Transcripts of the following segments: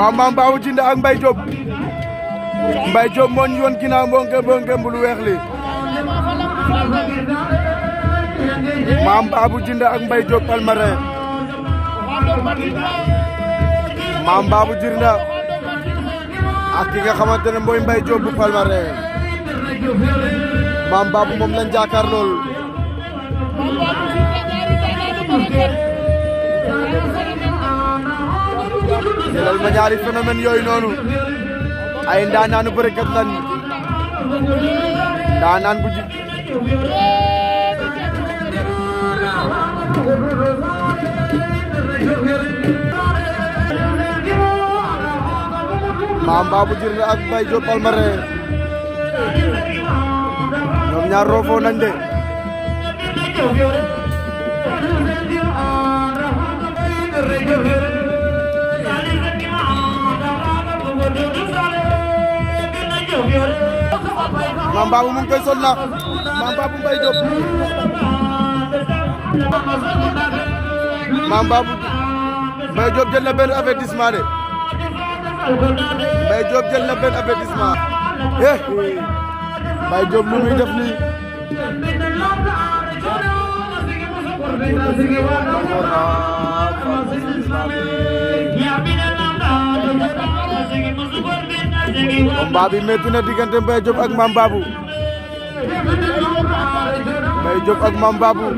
waaw maam Babou Djinda ak Mbaye Diop Mbaye Diop moo ñu woon ginnaaw moo ngi leen maam Babou Djinda ak Mbaye Diop Palmarin maam Babou ki nga xamante ne mooy Mbaye Diop bu moom lañ jàkkaar lool. jëlal ma ñaari phénomène yooyu noonu ay ndaanaanu bërëkkat lan ndaanaan bu ji maam baabu jir na ak bay jo palmarin ñoom ñaar roofoo nañ de Thank you. Mame Babou mu ngi koy sonna Mame Babou Mbaye Diop Mame Babou Mbaye Diop jël na benn avertissement de Mbaye Diop jël na benn avertissement eh Mbaye Diop lu muy def nii combat bi métti na diggante Mbaye Diop ak Mame Babou Mbaye Diop ak Mame Babou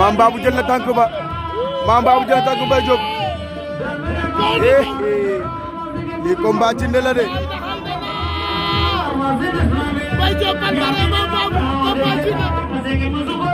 Mame Babou jël na tànk ba Mame Babou jël na tànk Mbaye Diop eh, eh. lii combat ci ndel la de Mbaye Diop ak Mame Babou combat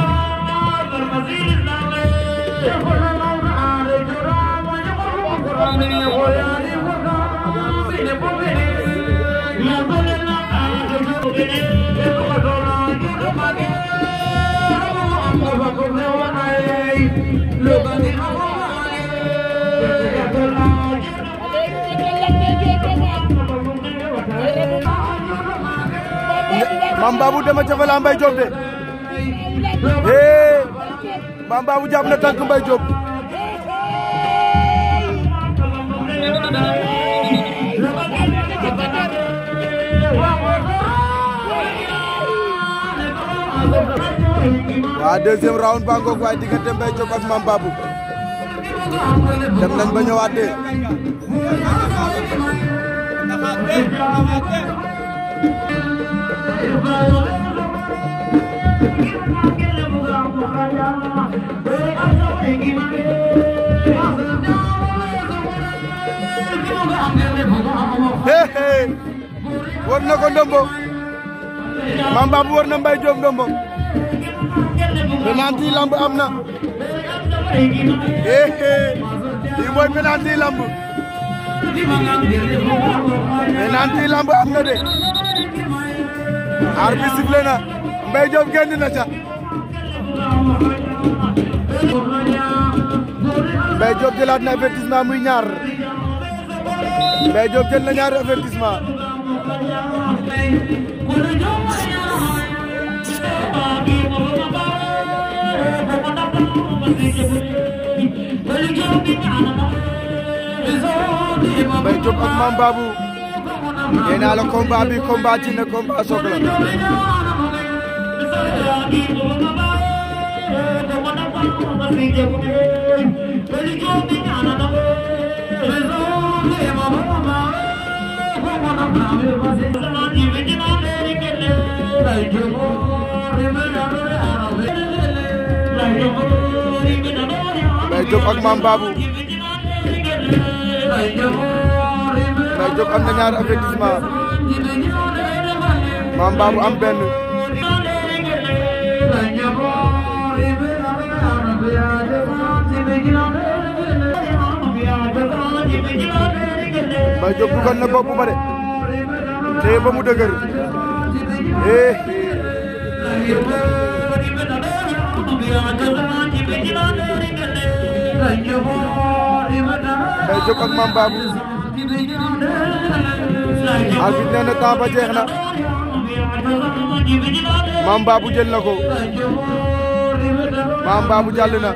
Mambabu de dama Jobde. hee Mame Babou jàpp na tànk Mbaye Diop waa deuxième round baa ngoog waaye diggante Mbaye Diop ak Mame Babou dem nañ ba ñëwaat de Thank you. war na ko ndombo Mame Babou war na Mbaye Diop ndombo penalty lamb am na eh eh lii mooy penalty lamb penalty lamb am na de arbitre sifflé na Mbaye Diop génn na ca Mbaye Diop jëlaat na avertissement muy ñaar Mbaye Diop jël na ñaari avertissement Mbaye Diop ak Mame Babou nee naa la combat bi combat ci na combat soog la Mbaye Diop am na Mbaye Diop dugal na bopp ba de te ba mu dëgër eh Mbaye Diop ak Mame Babou arbitre nee na temps ba jeex na Mame Babou jël na ko Mame Babou jàll na